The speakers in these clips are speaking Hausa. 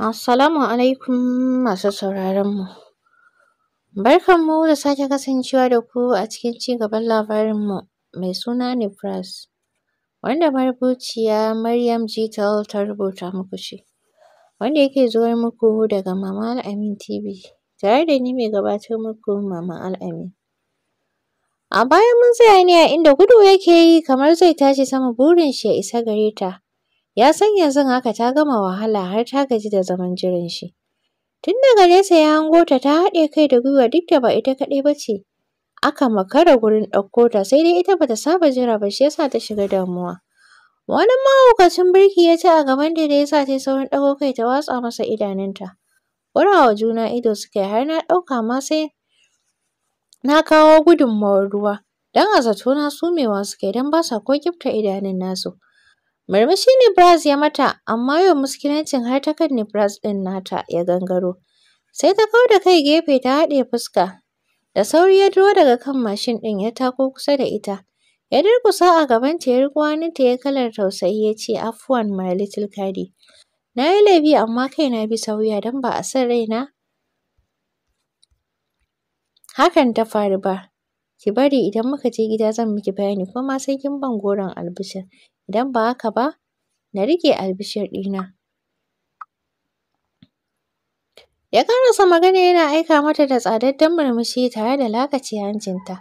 Assalamu alaikum masu sauraronmu. mu. Barkan mu da sake kasancewa da ku a cikin cigaban labarin mu mai suna Nefras wanda marubuciya Maryam Jital ta rubuta muku shi wanda yake zuwa muku daga Mama Al'amin TV tare da ni mai gabatar muku Mama Al'amin. A baya mun tsaya ne a inda gudu yake yi kamar zai tashi sama burin shi ya isa gare ta. Ya san yanzu haka ta gama wahala har ta gaji da zaman jiran shi. Tun daga nesa ya hango ta ta haɗe kai da gwiwa duk da ba ita kaɗai ba ce. Aka makara gurin ɗauko ta sai dai ita bata saba jira ba shi yasa ta shiga damuwa. Wani mahaukacin birki ya ci a gaban da ya sa ta saurin ɗago kai ta watsa masa idanunta. Ƙurawa juna ido suka yi har na ɗauka ma sai na kawo gudunmawar ruwa. Don a zato na sumewa suka yi don ba sa ko kifta idanun nasu. Murmushi Nibras ya mata, amma yau muskilancin har ta kan Nibras ɗin nata ya gangaro. Sai ta kau da kai gefe ta haɗe fuska. Da sauri ya duro daga kan mashin ɗin ya tako kusa da ita. Ya durƙusa a gabanta ya riƙo hannunta ya kalar tausayi ya ce, Afuwan my little Kadi. Na yi laifi amma kaina bisa wuya don ba a san raina hakan ta faru ba. Ki bari idan muka je gida zan miki bayani, kuma sai kin ban goron albishir. Idan ba haka ba, na riƙe albishir ɗina. Ya karasa magana yana aika mata da tsadadden murmushi tare da lakace hancinta.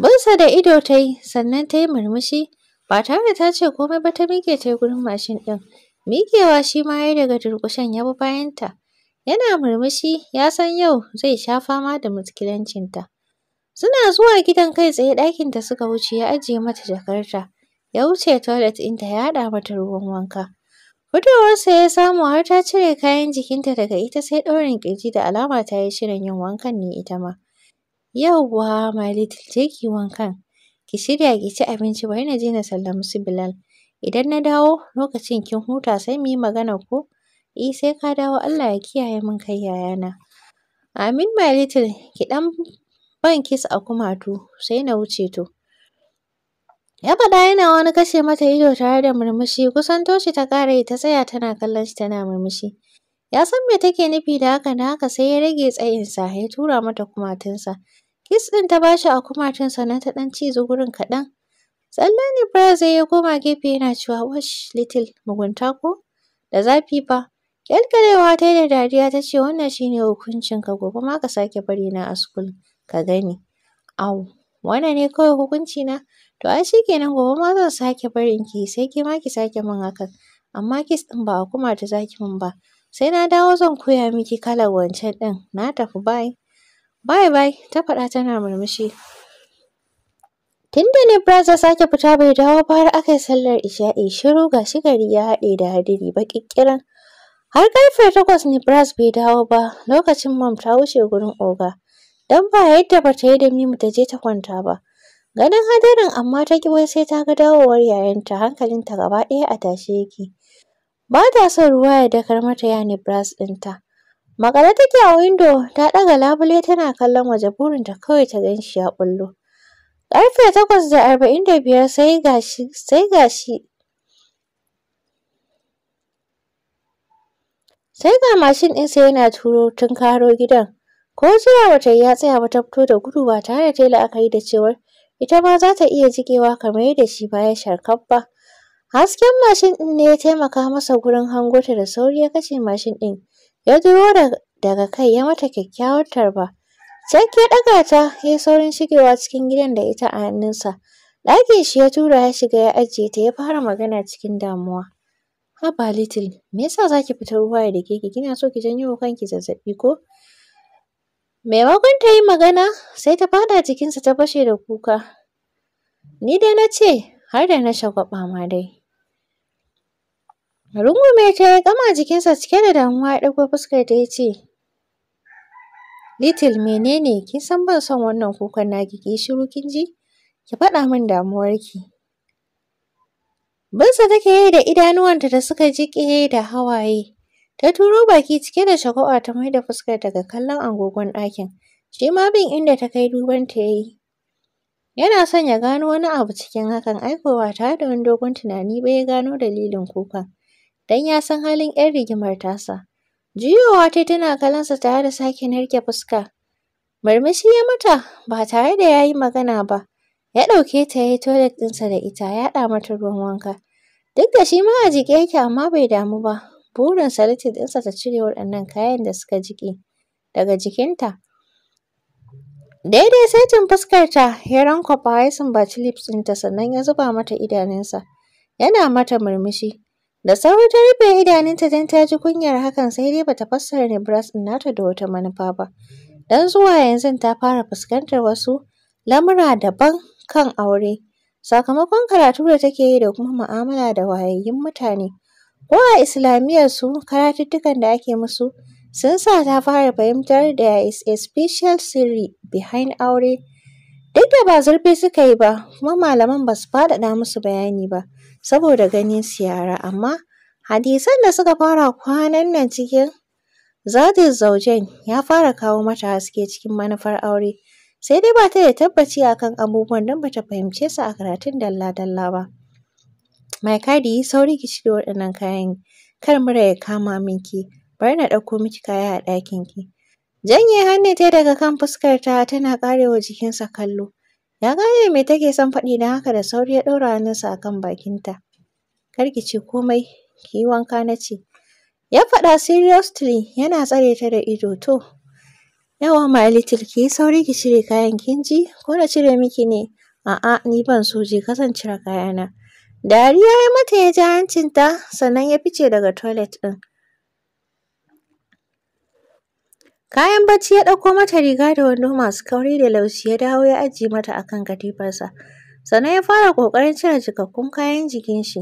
Binsa da ido ta yi, sannan ta yi murmushi, ba tare da ta ce komai ba ta miƙe ta yi gurin mashin ɗin. Miƙewa shi ma ya yi daga durƙushen ya bi bayanta. Yana murmushi, ya san yau zai sha fama da muskilancinta. Suna zuwa gidan kai tsaye ɗakinta suka wuce ya ajiye mata jakarta. ya wuce toilet inda ya haɗa mata ruwan wanka. Fitowarsa ya samu har ta cire kayan jikinta daga ita sai ɗaurin ƙirji da alama ta yi shirin yin wankan ne ita ma. Yawwa my little je ki wankan, ki shirya ki ci abinci bari na je na sallami su Bilal. Idan na dawo lokacin kin huta sai mu yi magana ko? I eh, sai ka dawo Allah ya kiyaye min kai yayana. Amin my little ki ɗan ban kiss a kumatu sai na wuce to. Ya faɗa yana wani kashe mata ido tare da murmushi kusan toshi ta ƙara ta tsaya tana kallon shi tana murmushi. Ya san me take nufi da haka da haka sai ya rage tsayinsa ya tura mata kumatunsa. Kis ɗin ta bashi a kumatunsa, na ta ɗan cizo gurin kaɗan. ne Ibrahim ya koma gefe yana cewa wash little mugunta ko? Da zafi fa. Ƙyalƙyalewa ta yi da dariya ta ce wannan shi ne hukuncinka gobe ma ka sake bari na a school ka gani. Au wannan ne kawai hukuncina? To ai shi kenan gobe ma zan sake barin ki sai ke ma ki sake min hakan. Amma kis ɗin ba a kuma ta zaki min ba. Sai na dawo zan koya miki kalar wancan ɗin. Na tafi bye. Bye bye ta faɗa tana murmushi. Tunda Nebras ya sake fita bai dawo ba har aka yi sallar isha'i shiru ga shi gari ya haɗe da hadiri baƙiƙiran. Har ƙarfe takwas Nebras bai dawo ba lokacin mam ta wuce gurin oga. Don ba yadda ba ta yi da Mimu ta je ta kwanta ba. Ganin hadarin amma ta ƙi wai sai ta ga dawowar yayanta hankalinta gaba ɗaya a tashe yake. Ba ta son ruwa ya dakar mata yani brass ɗinta. Maƙale take a windo ta ɗaga labule tana kallon waje burinta kawai ta gan shi ya ɓullo. Ƙarfe takwas da arba'in da biyar sai ga sai ga shi sai ga mashin ɗinsa yana turo tunkaro gidan. Ko zuwa wata ya tsaya ba ta fito da gudu ba tare da ta yi la'akari da cewar ita ma za ta iya jiƙewa kamar yadda shi ba ya sharkar ba. Hasken mashin ɗin ne ya taimaka masa gurin hango ta da sauri ya kashe mashin ɗin. Ya duro daga kai ya mata kyakkyawar tarba. Jack ya ɗaga ta ya yi saurin shigewa cikin gidan da ita a hannunsa. Ɗakin shi ya tura ya shiga ya ajiye ta ya fara magana cikin damuwa. Haba Little, me yasa za ki fita ruwa ya dake ki? Kina so ki janyo wa kanki zazzaɓi ko? Maimakon ta yi magana, sai ta faɗa jikinsa ta fashe da kuka. Ni dai na ce, har da na shagwaɓa ma dai. Rungume ta ya kama jikinsa cike da damuwa ya ɗago fuskarta ya ce, Little menene kin san ban son wannan kukan naki ki shiru kin ji? Ki faɗa min damuwar ki? Binsa take yi da idanuwanta da suka jiƙe da hawaye. Ta turo baki cike da shagwaɓa ta maida fuskar daga kallon agogon ɗakin. Shi ma bin inda ta kai duban ta yi. Yana son ya gano wani abu cikin hakan aiko ba tare da wani dogon tunani ba ya gano dalilin kuka. Don ya san halin 'yar rigimar tasa. Juyowa tai tana kallonsa tare da sake narke fuska. Murmushi ya mata ba tare da ya yi magana ba. Ya ɗauke ta ya yi toilet ɗinsa da ita ya haɗa mata ruwan wanka. Duk da shi ma a jike yake amma bai damu ba burin Little ɗinsa ta cire waɗannan kayan da suka jiƙe daga jikinta. Daidai saitin fuskarta ya rankwafa ya sumbaci lips ɗinta sannan ya zuba mata idanunsa. Yana mata murmushi. Da sauri ta rufe idanunta don ta ji kunyar hakan sai dai bata fassara bras ɗin nata da wata manufa ba. Don zuwa yanzu ta fara fuskantar wasu lamura daban kan aure. Sakamakon karatu da take yi da kuma mu'amala da wayayyun mutane. Ko a Islamiyyarsu, karatuttukan da ake musu sun sa ta fara fahimtar there is a special sirri behind aure. Duk da ba zurfi suka yi ba, kuma malaman ba su faɗaɗa musu bayani ba, saboda ganin siyara. Amma hadisan da suka fara kwanan nan cikin zatin zaujen ya fara kawo mata haske cikin manufar aure. Sai dai ba ta da tabbaci akan abubuwan don ba ta fahimce su a karatun dalla-dalla ba. Mai gadi yi sauri ki cire waɗannan kayan kar mura ya kama minki. Bari na ɗauko miki kaya a ɗakin ki. Janye hannun ta daga kan fuskarta tana ƙarewa jikinsa kallo. Ya gane me take son faɗi don haka da sauri ya ɗaura hannunsa a kan bakinta. Kar ki ce komai, ki yi wanka na ce. Ya faɗa seriously yana tsare ta da ido to. Yawa my little ki sauri ki cire kayan kin ji ko na cire miki ne? A'a ni ban so je ka zan cire kayana. Dariya ya mata ya ja hancinta sannan ya fice daga toilet ɗin. Kayan bacci ya ɗauko mata riga da wando masu kauri da laushi ya dawo ya ajiye mata a kan katifarsa. Sannan ya fara ƙoƙarin cire jikakkun kayan jikin shi.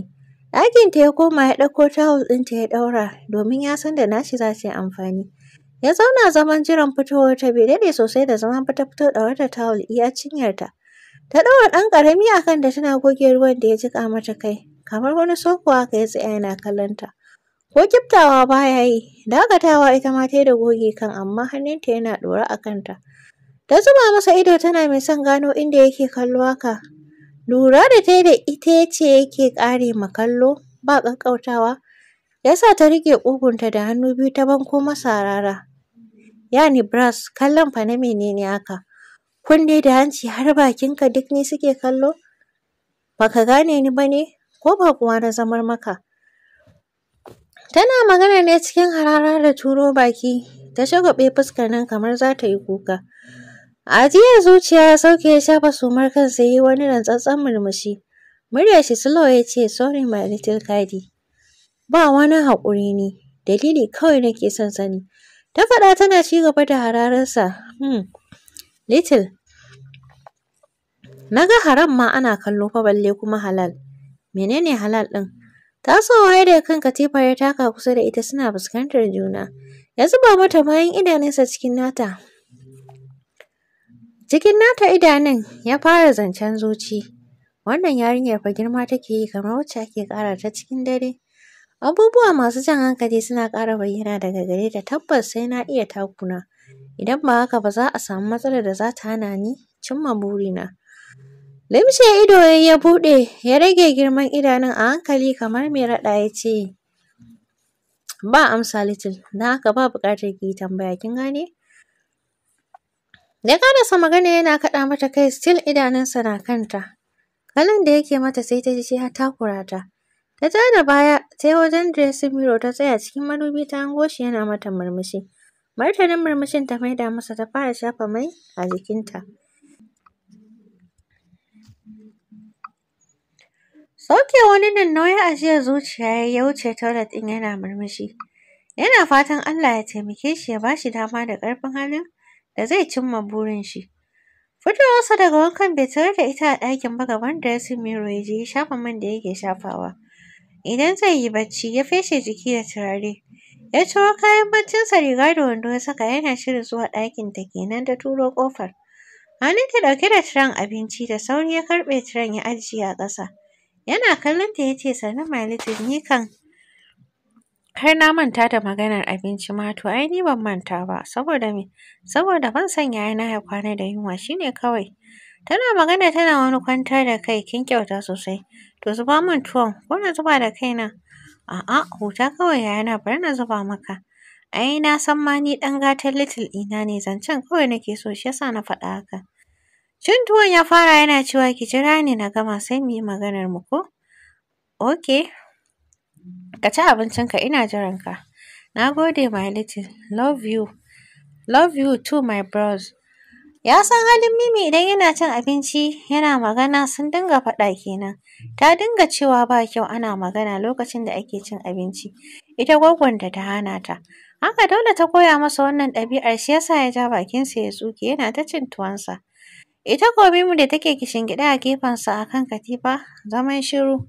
Ɗakinta ya koma ya ɗauko tawul ɗinta ya ɗaura domin ya san da nashi za su yi amfani. Ya zauna zaman jiran fitowar ta bai daɗe sosai da zaman fita fito ɗaure da tawul iya cinyarta. Ta ɗora ɗan ƙarami a da tana goge ruwan da ya jiƙa mata kai, kamar wani soko aka ya tsaya yana kallonta. Ko kiftawa ba ya yi, dakatawa ita ma ta yi da goge kan amma hannunta yana ɗora a kanta. Ta zuba masa ido tana mai son gano inda yake kallo haka. Lura da ta da ita ce yake ƙare ma kallo ba ƙaƙƙautawa, ya sa ta riƙe ƙugunta da hannu biyu ta banko masa rara. Yani bras, kallon fa na menene haka? kunne da hanci har bakinka duk ni suke kallo baka gane ni ba ne ko ba kuwa na zamar maka tana magana ne cikin harara da turo baki ta shagwabe fuskar nan kamar za ta yi kuka A jiya zuciya ya sauke ya shafa sumar kansa yi wani rantsatsen murmushi Murya shi slow ya ce sorry my little kadi ba wani haƙuri ne dalili kawai nake son sani ta faɗa tana ci gaba da hararinsa. hmm little Na ga haram ma ana kallo fa balle kuma halal. Menene halal ɗin? Tasowa da kan katifa ya taka kusa da ita suna fuskantar juna. Ya zuba mata bayan idanunsa cikin nata. Cikin nata idanun ya fara zancen zuci. Wannan yarinyar fa girma take yi kamar wacce ake ƙara ta cikin dare. Abubuwa masu jan hankali suna ƙara bayyana daga gare ta tabbas sai na iya takuna. Idan ba haka ba za a samu matsalar da za ta hana ni cimma burina. Limshe ido ya buɗe ya rage girman idanun a hankali kamar mai raɗa ya ce, Ba amsa little, don haka ba buƙatar ki yi tambaya, kin gane? Da ya sa magana yana kaɗa mata kai still idanunsa na kanta. kalan da yake mata sai ta ji shi ta takura ta. Ta tada da baya sai wajen dressing mirror ta tsaya cikin madubi ta hango shi yana mata murmushi. Martanin murmushin ta maida masa ta fara shafa mai a jikinta. Sauke wani nan nauyin ajiyar zuciya ya yi wuce toilet ɗin yana murmushi. Yana fatan Allah ya taimake shi ya ba shi dama da ƙarfin halin da zai cimma burin shi. Fitowarsa daga wankan bai tarar da ita a ɗakin ba gaban ya mirror ya je ya shafa man da yake shafawa. Idan zai yi bacci ya feshe jiki da turare. Ya ciro kayan baccinsa riga da wando ya saka yana shirin zuwa ɗakin ta kenan ta turo ƙofar. Hannunta ɗauke da tiren abinci da sauri ya karɓe tiren ya ajiye a ƙasa. Yana kallon ta ya ce, sannu my little, ni kan har na manta da maganar abinci ma to ai ni ban manta ba saboda me saboda ban san yaya na ya kwana da yunwa shine kawai tana magana tana wani kwanta da kai kin kyauta sosai to zuba min tuwon ko na zuba da kaina a'a huta kawai na bari na zuba maka ai na san ma ni dan gatan little Ina ne zancen kawai nake so shi yasa na faɗa haka Cin tuwon ya fara yana cewa ki jira ni na gama sai mu yi maganar mu ko? Ok. Ka ci abincinka ina jiran ka. Na gode my little. Love you. Love you too my bros. Ya san halin Mimi idan yana cin abinci yana magana sun dinga faɗa kenan. Ta dinga cewa ba kyau ana magana lokacin da ake cin abinci. Ita gwaggon da ta hana ta. Haka dole ta koya masa wannan ɗabi'ar shi yasa ya ja bakinsa ya tsuke yana ta cin tuwonsa. Ita kuwa mu da take gida a gefensa a kan katifa, zaman shiru.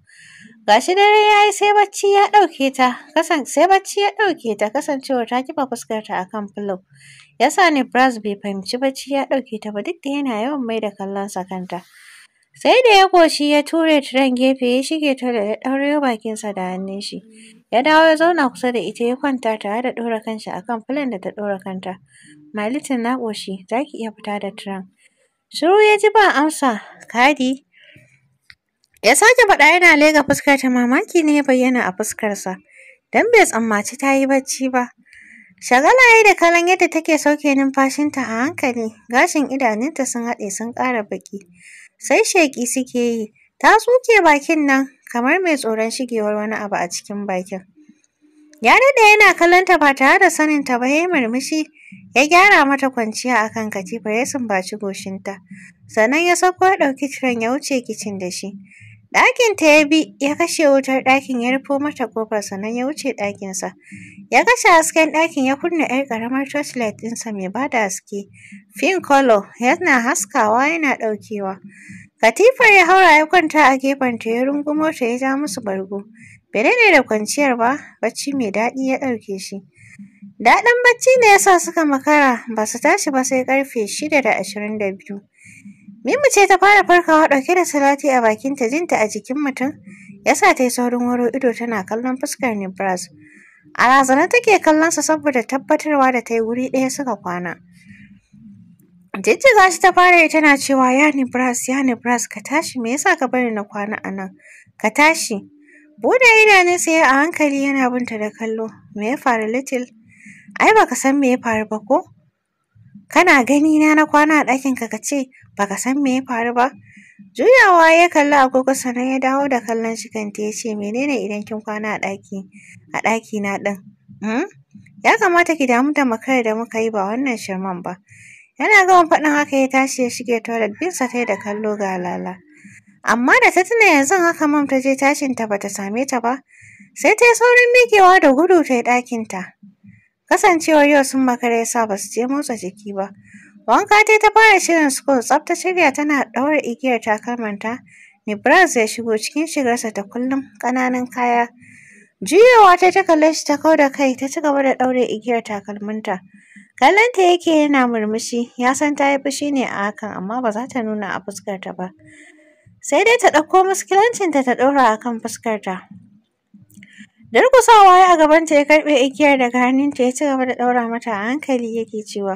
Gashi dare ya yi sai bacci ya ɗauke ta, sai bacci ya ɗauke ta kasancewar ta kifa fuskarta a kan filo. Ya sa Nibras bai fahimci bacci ya ɗauke ta ba duk da yana yawan mai da kallon sa kanta. Sai da ya goshi ya ture tiren gefe ya shige ta da ya bakin bakinsa da hannun shi. Ya dawo ya zauna kusa da ita ya kwanta tare da ɗora kanshi akan kan da ta ɗora kanta. Malitin na ƙoshi, za ki iya fita da tiren. Shiru ya ji ba amsa, kadi. Ya sake faɗa yana lega fuskar ta mamaki ne ya bayyana a fuskarsa, don bai tsammaci ta yi bacci ba. Shagala ya yi da kalan yadda take sauke numfashinta a hankali, gashin idanunta sun haɗe sun ƙara baƙi. Sai sheƙi suke yi, ta tsuke bakin nan kamar mai tsoron shigewar wani abu a cikin bakin. Ya daɗe yana kallonta ba tare da saninta ba ya yi murmushi Ya gyara mata kwanciya a kan katifa ya sumbaci goshinta. Sannan ya sauko ya ɗauki tiren ya wuce kicin da shi. Ɗakinta ya bi ya kashe wutar ɗakin ya rufo mata ƙofar sannan ya wuce ɗakinsa. Ya kashe hasken ɗakin ya kunna 'yar ƙaramar torchlight ɗinsa mai ba da haske. Fin kolo yana haskawa yana ɗaukewa. Katifar ya haura ya kwanta a gefen ta, ya rungumo ta ya ja musu bargo. Bai ne da kwanciyar ba, bacci mai daɗi ya ɗauke shi. Daɗin bacci ne ya sa suka makara ba su tashi ba sai ƙarfe shida da ashirin da biyu. Mimu ce ta fara farkawa ɗauke da salati a bakinta jinta a jikin mutum ya sa ta yi saurin waro ido tana kallon fuskar Nibras. A razana take sa saboda tabbatarwa da ta yi wuri ɗaya suka kwana. Jijjiga shi ta fara yi tana cewa ya Nibras ya Nibras ka tashi me yasa ka bari na kwana a nan ka tashi. yana idanunsa ya a hankali yana binta da kallo. Me ya faru Little? Ai baka san me ya faru ba ko? Kana gani na na kwana a ɗakinka ka ce baka san me ya faru ba? Juyawa ya kalli agogo sannan ya dawo da kallon shi kanta ya ce menene idan kin kwana a ɗaki a ɗaki na ɗin? Hmm? Ya kamata ki damu da makar da muka yi ba wannan shirman ba. Yana gama faɗin haka ya tashi ya shige toilet binsa ta da kallo ga lala. Amma da ta tuna yanzu haka mam ta je tashinta ba ta same ta ba, sai ta yi saurin miƙewa da gudu ta yi ɗakinta. Kasancewar yau sun makara ya sa ba su je motsa jiki ba. Wanka dai ta fara shirin school tsaf ta shirya tana ɗaura igiyar takalmanta. Nibras ya shigo cikin shigarsa ta kullum ƙananan kaya. Juyowa ta ta kalle shi ta kau da kai ta ci gaba da ɗaure igiyar takalminta. Kallonta yake yana murmushi ya san ta yi fushi ne a hakan amma ba za ta nuna a fuskarta ba. sai dai ta ɗauko muskilancinta ta ɗora a kan fuskarta. Durkusawa ya a gabanta ya karɓe igiyar daga hannun ta ya ci gaba da ɗaura mata a hankali yake cewa,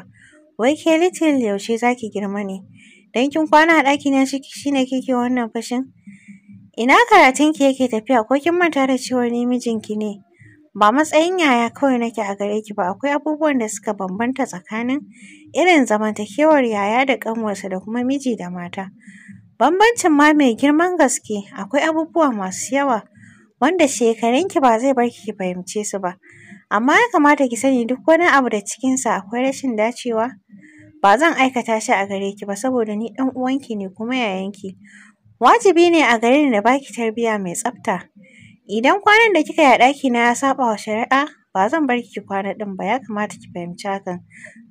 wai ke litin yaushe za ki girma ne, don kin kwana a ɗaki na shi ne kike wannan fashin? Ina karatun karatunki yake tafiya ko kin manta da cewa ni mijinki ne? Ba matsayin yaya kawai nake a gare ki ba, akwai abubuwan da suka bambanta tsakanin irin zamantakewar yaya da ƙanwarsa da kuma miji da mata. Bambancin ma mai girman gaske, akwai abubuwa masu yawa wanda shekarunki ba zai barki ki fahimce su ba. Amma ya kamata ki sani duk wani abu da cikinsa akwai rashin dacewa, ba zan aikata shi a gare ki ba saboda ni ɗan uwanki ne kuma yayanki. Wajibi ne a gare ni na baki tarbiyya mai tsafta. Idan kwanan da kika yi a ɗakina ya saɓa wa shari'a, ba zan bar ki kwana ɗin ba, ya kamata ki fahimci hakan.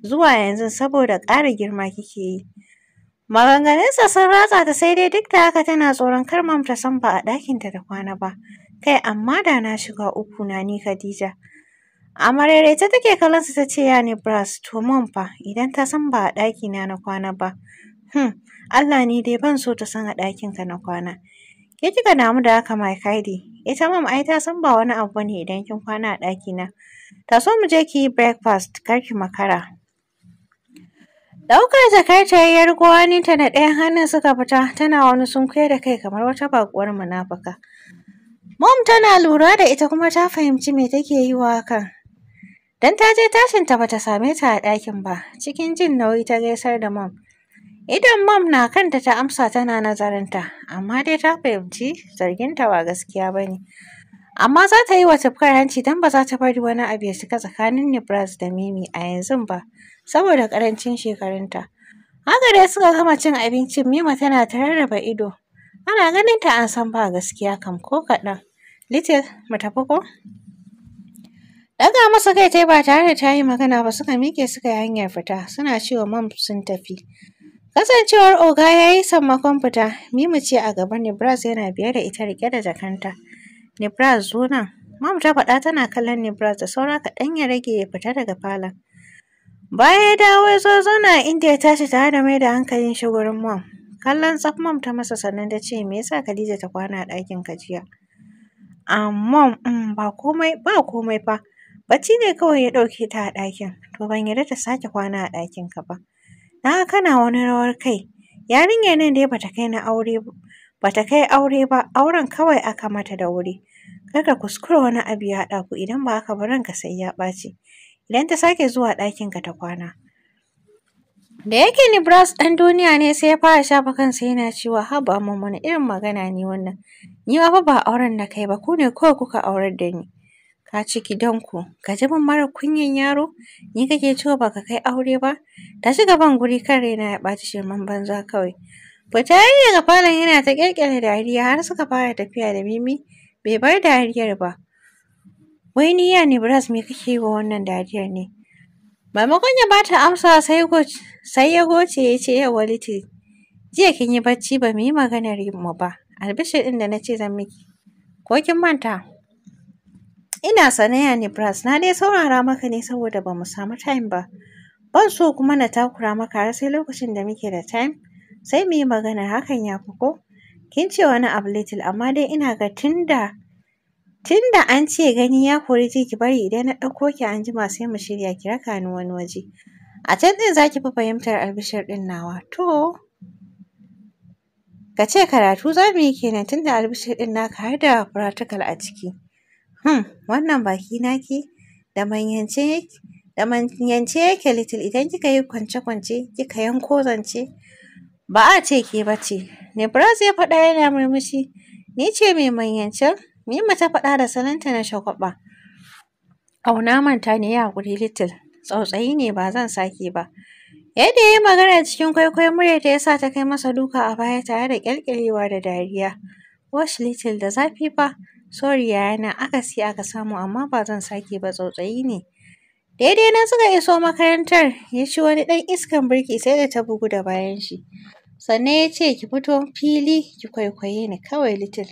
Zuwa yanzu saboda ƙara girma kike yi. Maganganunsa sun ratsa ta sai dai duk da haka tana tsoron kar mam ta san ba a ɗakinta da kwana ba. Kai amma da na shiga uku na ni Khadija. A maraice take kallonsa ta ce ya ne Bras to mam fa idan ta san ba a ɗakina na kwana ba. Hmm Allah ni dai ban so ta san a ɗakinka na kwana. Ke kika damu da haka mai kaidi. Ita mam ai ta san ba wani abu ne idan kin kwana a ɗakina. Ta so mu je ki yi breakfast kar ki makara. Ɗaukar jakar tayayyar gwani ta ɗayan hannun suka fita tana wani sun sunkuya da kai kamar wata baƙuwar munafuka. Mom tana lura da ita kuma ta fahimci me take yi wa hakan. Dan ta je tashin ta bata same ta a ɗakin ba, cikin jin nauyi ta gaisar da mom. Idan mom na kanta ta amsa tana nazarinta, amma dai ta fahimci zarginta ba gaskiya ba ne. Amma za ta yi wa tufkar hanci don ba za ta bari wani abu ya cika tsakanin nebras da Mimi a yanzu ba. saboda ƙarancin shekarunta. Haka dai suka gama cin abincin Mima tana ta rarraba ido. Ana ganin ta an san ba gaskiya kam ko kaɗan. Little mu tafi ko? Daga masa kai tai ba tare da ta yi magana ba suka miƙe suka yi hanyar fita suna cewa mam sun tafi. Kasancewar oga ya yi sammakon fita, Mima ce a gaban Nibras yana biye da ita riƙe da jakanta. Nibras zo nan. Mam ta faɗa tana kallon Nibras da saura kaɗan ya rage ya fita daga falon. Baya ya dawo ya zo zauna a inda ya tashi tare da mai da hankalin shi gurin mom. Kallon tsaf mom ta masa sannan ta ce me yasa Khadija ta kwana a ɗakin gajiya. jiya? Amma mm, ba komai ba komai fa. Bacci ne kawai ya ɗauke ta a ɗakin. To ban yarda ta sake kwana a ɗakin ka ba. Na kana wani rawar kai. Yarinyar nan dai bata kai na aure bata kai aure ba, auren kawai aka mata da wuri. Kar ka kuskura wani abu ya haɗa ku idan ba aka ba ranka sai ya ɓaci. Idan ta sake zuwa ɗakinka ta kwana. Da yake ni Brass ɗan duniya ne sai ya fara shafa kansa yana cewa haba mun wani irin magana ne wannan. Ni ma ba auren na kai ba ku ne kawai kuka aurar da ni. Ka ci ku. ka ji min mara kunyan yaro ni kake cewa baka kai aure ba. Ta shiga ban guri kan raina ya ɓaci shirman banza kawai. Fita yi daga falon yana ta ƙirƙira dariya har suka fara tafiya da Mimi bai bar dariyar ba. Wai ni ya bras me kake yi wa wannan dariyar ne? Maimakon ya bata amsa sai ya goce ya ce yawwa Liti, jiya kin yi bacci ba mu yi maganar mu ba, albishir ɗin da na ce zan miki, ko kin manta? Ina sane ya bras na dai saurara maka ne saboda ba mu samu time ba. Ban so kuma na takura maka har sai lokacin da muke da time, sai mu yi maganar hakan ya fi ko? Kin ce wani abu Little, amma dai ina ga tun da Tunda an ce gani ya kori ji ki bari idan na ɗauko ki an jima sai mu shirya ki raka ni wani waje. A can ɗin za ki fi fahimtar albishir ɗin nawa. To, ka ce karatu za mu yi kenan tunda albishir ɗin naka har da practical a ciki. Hmm, wannan baki naki da manyance da manyance yake little idan kika yi kwance-kwance kika yanko zance ba a ce ke ba ce. Nebras ya faɗa yana murmushi. Ni ce mai manyancen? Mima ta faɗa da salonta na shagwaɓa. Auna manta ne ya haƙuri little, tsautsayi ne ba zan sake ba. Yadda ya yi magana cikin kwaikwayon muryarta ya sa ta kai masa duka a baya tare da ƙyalƙyalewa da dariya. Wash little da zafi fa, sorry yayana akasi aka samu amma ba zan sake ba tsautsayi ne. Daidai na suka iso makarantar, ya ci wani ɗan iskan birki sai da ta bugu da bayan shi. Sannan ya ce ki fito fili ki kwaikwaye ni kawai little.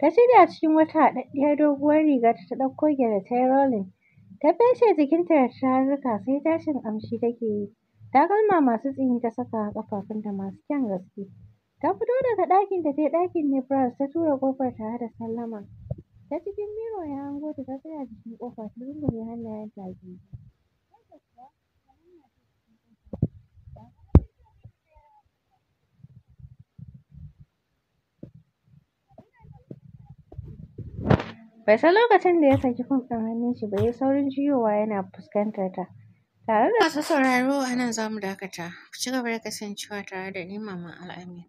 Ta shirya cikin wata haɗaɗɗiyar doguwar riga ta ɗauko gyale ta rolling, ta feshe jikinta da turaruka sai tashin ƙamshi take yi. Takalma masu tsini ta saka a ƙafafunta masu kyan gaske. Ta fito daga ɗakin ta yi ɗakin ne brass ta tura ƙofar tare da sallama. Ta cikin biro ya hango ta ta tsaya jikin ƙofa ta rungume hannayenta a Bai san lokacin da ya saki fim ɗin hannun shi ba ya saurin jiyowa yana fuskantar ta. Tare da masu sauraro a nan za mu dakata. Ku ci gaba da kasancewa tare da ni Maman Al'amin.